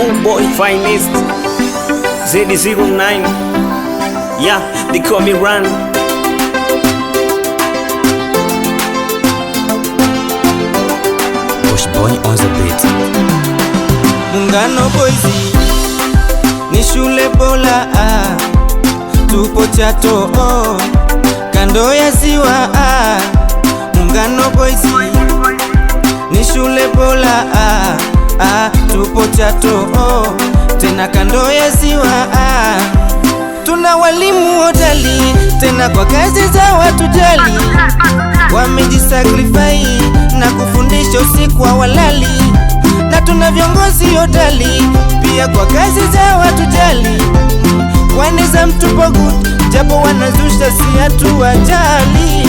homeboy Finest Z09 Yeah, they call me Run Bush Boy on the beat Mungano Boys ni shule bora ah. Tupo Chato oh. Kando ya ziwa ah. Muungano Boys ni shule bora ah tupo Chato oh, tena kando ya ziwa ah. Tuna walimu hodari tena kwa kazi za watu jali, wamejisakrifai na kufundisha usiku wa walali, na tuna viongozi hodari pia kwa kazi za watu jali, za mtupo good japo wanazusha si hatu ajali,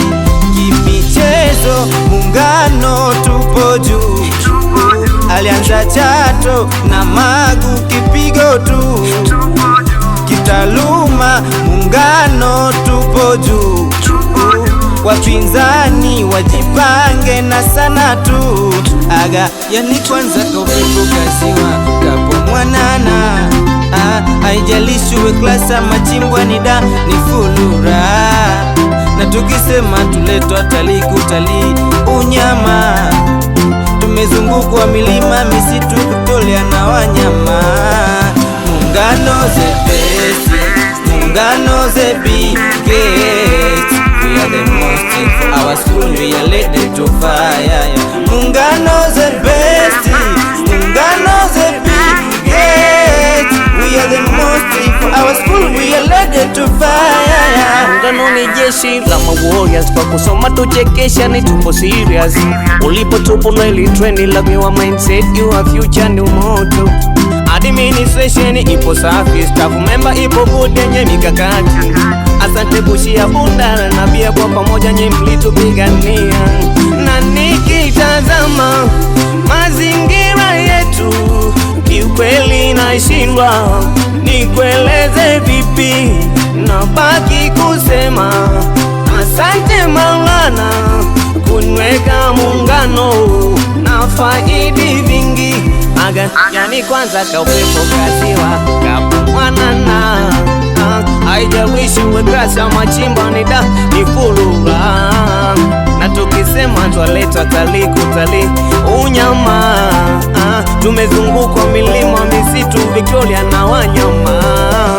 kimichezo muungano tupo juu alianza Chato na Magu, kipigo tu kitaluma, muungano tupo juu. Wapinzani wajipange na sana tu aga yani, kwanza kaupepo kaziwa kapo mwanana ah, haijalishi klasa machimbwa ni da ni fulura na tukisema tuletwa talii kutalii unyama kwa milima, misitu kutolea na wanyama. Muungano ZEPESI, Muungano ZBK, we are the most our school, we are led to fire. Muungano Muungano ZBK, we are the most our school, we are led to fire mapambano ni jeshi la warriors, kwa kusoma tuchekesha, ni tupo serious. Ulipo tupo na ile trend la your mindset, your future ni moto. Administration ipo safi, staff member ipo good, yenye mikakati. Asante kushia Bunda na pia kwa pamoja nye mlitupigania, na nikitazama mazingira yetu kiukweli nashindwa nikueleze vipi nabaki kusema asante Maulana kunweka muungano na faidi vingi aga yani kwanza kaupepo kaziwa kapumwanana haijawishi wa machimba nida ni na tukisema twaleta talii kutalii unyama tumezungukwa milima misitu Victoria na wanyama